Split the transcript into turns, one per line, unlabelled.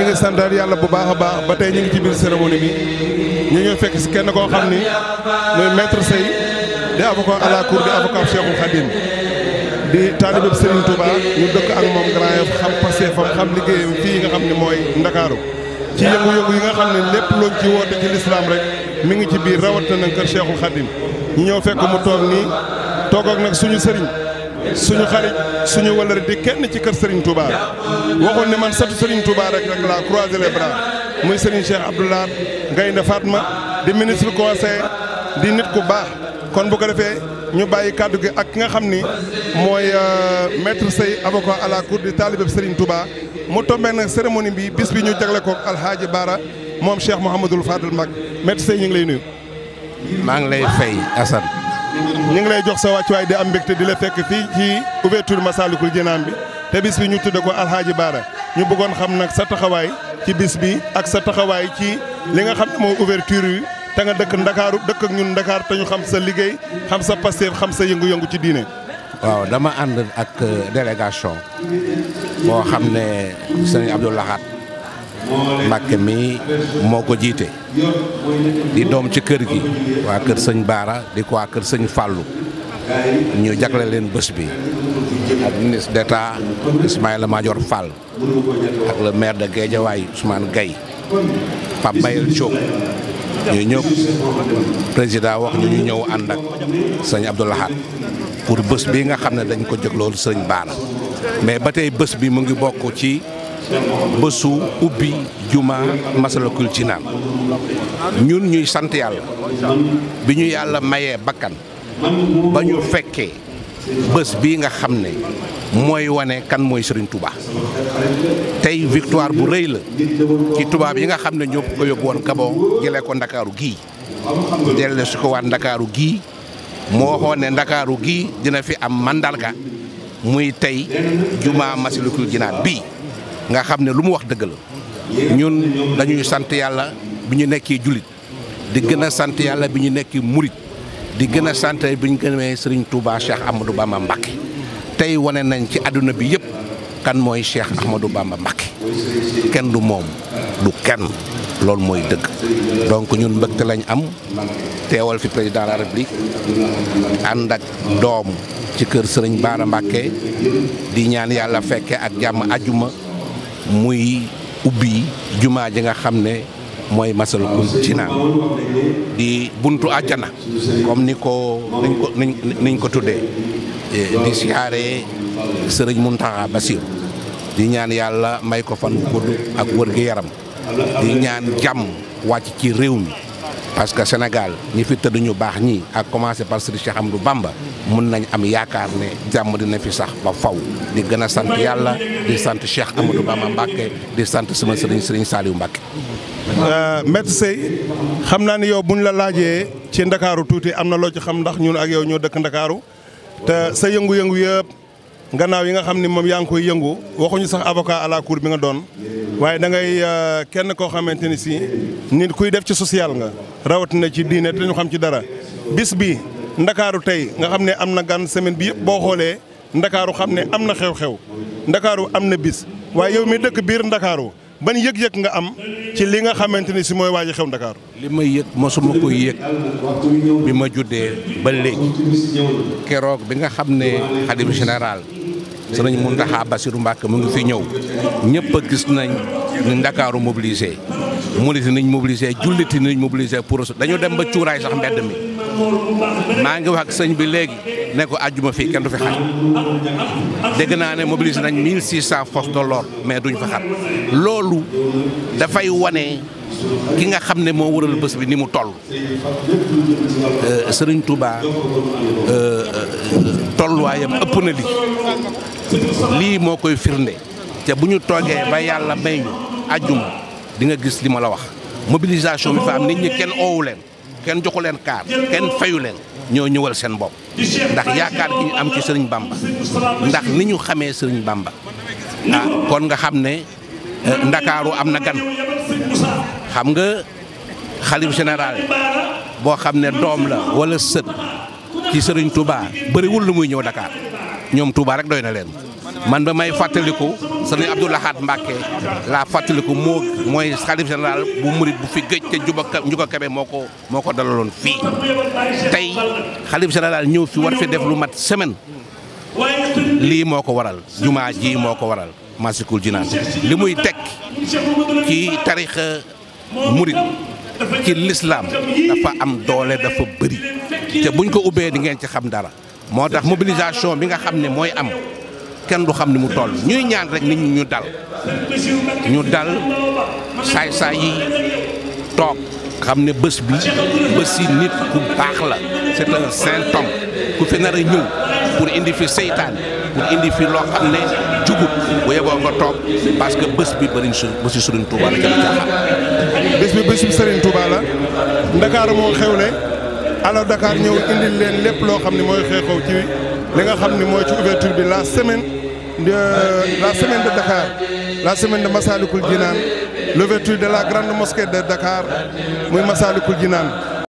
ñu ngi santaat yàlla bu baax a baax ba tey ñu ngi ci biir cérémonie bi ñu ñëw fekk si kenn koo xam ni muy maître Sey di avocat à la di avocat Cheikhul Khadim di taalibeb Serigne Touba ñu dëkk ak moom Grand Yoff xam paseefam xam liggéeyam fii nga xam ne mooy Ndakaaru ci yëngu-yëngu yi nga xam ne lépp luñ ci woote ci lislaam rek mi ngi ci biir rawat na nag kër Cheikhul Khadim ñu ñëw fekk mu toog nii toogoog nag suñu sëriñ suñu xarit suñu wëllare di kenn ci kër Serigne Touba waxoon ne man satu Serigne Touba rek rek laa croiser les bras muy Serigne Cheikh Abdoulaye Gaynde ma di ministre conseil di nit ku baax kon bu ko defee ñu bàyyi kàddu gi ak ki nga xam ni mooy euh, maître Sey avocat à la cour di taalibe Serigne tubaa mu tombé nag cérémonie bi bis bi ñu jagle ko Alhaaji Baara moom Cheikh Mouhamadul Fadel Mag maître Sey ñu ngi lay nuyu. maa ngi lay
fay Assane.
ñu ngi lay jox sa wàccuwaay di am mbégte di la fekk fii ci ouverture Massalikul Jinaan bi te bis bi ñu tudde ko Alxaaji Baara ñu bëggoon xam nag sa taxawaay ci bis bi ak sa taxawaay ci li nga xam ne moo ouverture yi te nga dëkk ndakaaru dëkk ak ñun ndakaar te ñu xam sa liggéey xam sa pasteef xam sa yëngu-yëngu ci diine
waaw dama ànd ak euh, délégation moo xam ne sëñ Abdou Lahat Mbacke mi moo di dom ci kër gi waa kër sëñ Baara di ko waa kër sëñ Fallou ñu jagle leen bés bi ak ministre d'État Ismaïla Madior Fall ak le maire de Guédiawaye Ousmane gay Pape Bayel Diop ñu ñëpp président wax ñu ñu ñëw ànd ak sëñ busbi pour bés bi nga xam dañ ko jëg mais bi mu ngi ci besu ubi juma masalakul jinaan ñun ñuy sant yàlla bi ñu yàlla bakkan ba ñu fekkee bés nga wane kan mooy Serigne Touba tey victoire bu rëy la ci tubaab yi nga xam ne ñoo ko yóbbu woon Gabon jëlee ko Ndakaaru gii delle su ko waat Ndakaaru gii mu waxoon ne Ndakaaru gii dina fi am mandalga muy tey juma masalakul jinaan bii nga xam ne lu mu wax dëgg la ñun dañuy sant yàlla bi ñu julit di gën a sant yàlla bi ñu nekkee murit di gën a sant bi Serigne Touba Cheikh Ahmadou Bamba nañ ci bi kan mooy Cheikh Ahmadou Bamba Mbacké kenn du moom du kenn loolu mooy dëgg donc ñun mbëgte lañ am teewal fi président de la république ànd ak doom ci kër Serigne Bara di ñaan fekke ak muy ubbi jumaa ji nga xam ne mooy Massalikul Jinaan di buntu àjjana comme ni ko niñ ko niñ ko tuddee di sërëñ sëriñ Muntaxa Basiru di ñaan yàlla may ko fan gudd ak wër yaram di ñaan jàmm wàcc ci réew mi parce que Sénégal ñi fi tëdd ñu baax ñii ak commencé par Serigne am Amadou bàmba mun nañ am yaakaar ne jàmm dina fi sax ba faw di gën a sant yàlla di sant Cheikh Amadou Bamba Mbacke di sant sama Serigne Serigne Saliou Mbacke.
Euh, Maître Seye xam naa ne yow buñ la laajee ci ndakaaru tuuti am na loo ci xam ndax ñun ak yow ñoo dëkk ndakaaru te sa yëngu-yëngu yëpp. gannaaw yi nga xam ni moom yaa ngi koy yëngu waxuñu sax avocat à la bi nga doon waaye da ngay euh, kenn koo xamante ni si nit kuy def ci social nga rawatina ci diine te ñu xam ci dara bis bi ndakaaru tey nga xam ne am na gan semaine bi yëpp boo xoolee ndakaaru xam ne am na xew-xew ndakaaru am na bis waaye yow mi dëkk biir ndakaaru ban yëg-yëg nga am ci li nga xamante ni si mooy waaji xew ndakaaru li ma yëg
mosuma koy yëg bi ma juddee ba léegi keroog bi nga xam ne xadim général sëriñ Mountakha basiru Mbacké mu ngi fi ñëw ñëpp a gis nañ ni Ndakaaru mobilisé muliti nañ mobilisé julliti nañ mobilisé pour dañoo dem ba cuuraay sax mbedd mi maa ngi wax ak sëñ bi léegi ne ko àjjuma fii kenn du fi xaj dégg naa ne mobilisé nañ 1600 forces de l'ordre mais duñ fa xat loolu dafay wane ki nga xam ne moo waral bés bi ni mu toll euh, sëriñ Touba euh, euh, tolluwaayam ëpp na li lii moo koy firnde te bu ñu toogee ba yàlla may ñu ajjuma di nga gis li ma la wax mobilisation bi fa nit ñi kenn oowu leen kenn joxu leen kaar kenn fayu leen ñoo ñëwal seen bopp ndax yaakaar gi ñu am ci sëriñ Bamba ndax ni ñu xamee sëriñ bàmba ah kon nga xam ne eh, ndakaaru am na gan xam nga xalif général boo xam ne doom la walla sët ci sëriñ Touba bëriwul lu muy ñëw ndakaar ñoom Touba rek doy na leen man ba may fàttaliku sëriñ Abdou Lahad Mbacke laa fàttaliku moo mooy xalif général bu murit bu fi gëj te juba njuga kabe moo ko moo ko dalaloon fii tey xalif général ñëw fi war fi def lu mat semaine lii moo ko waral jumaa ji moo ko waral Massalikul Jinaan li muy teg ci tarixa murit ci lislaam dafa am doole dafa bëri te buñ ko ubbee di ngeen ci xam dara moo tax mobilisation bi nga xam ne mooy am kenn du xam ni mu toll ñuy ñaan rek nit ñu dal ñu dal saay-saay yi toog xam ne bés bi bési nit ku baax la c'est un saint ku fi nar a ñëw pour indi fi seytaan pour indi fi loo xam ne jugut bu yeboo nga toog parce que bés bi bëriñ su bési Serigne Touba la ca
la bés bi bési Serigne Touba la Ndakaaru moo xew ne alors Dakar nous indi leen lepp lo xamni moy mooy ci li nga xamni moy ci ouverture bi la semaine de la semaine de Dakar la semaine de Massalikul Jinan l'ouverture de la grande mosquée de Dakar muy Massalikul Jinan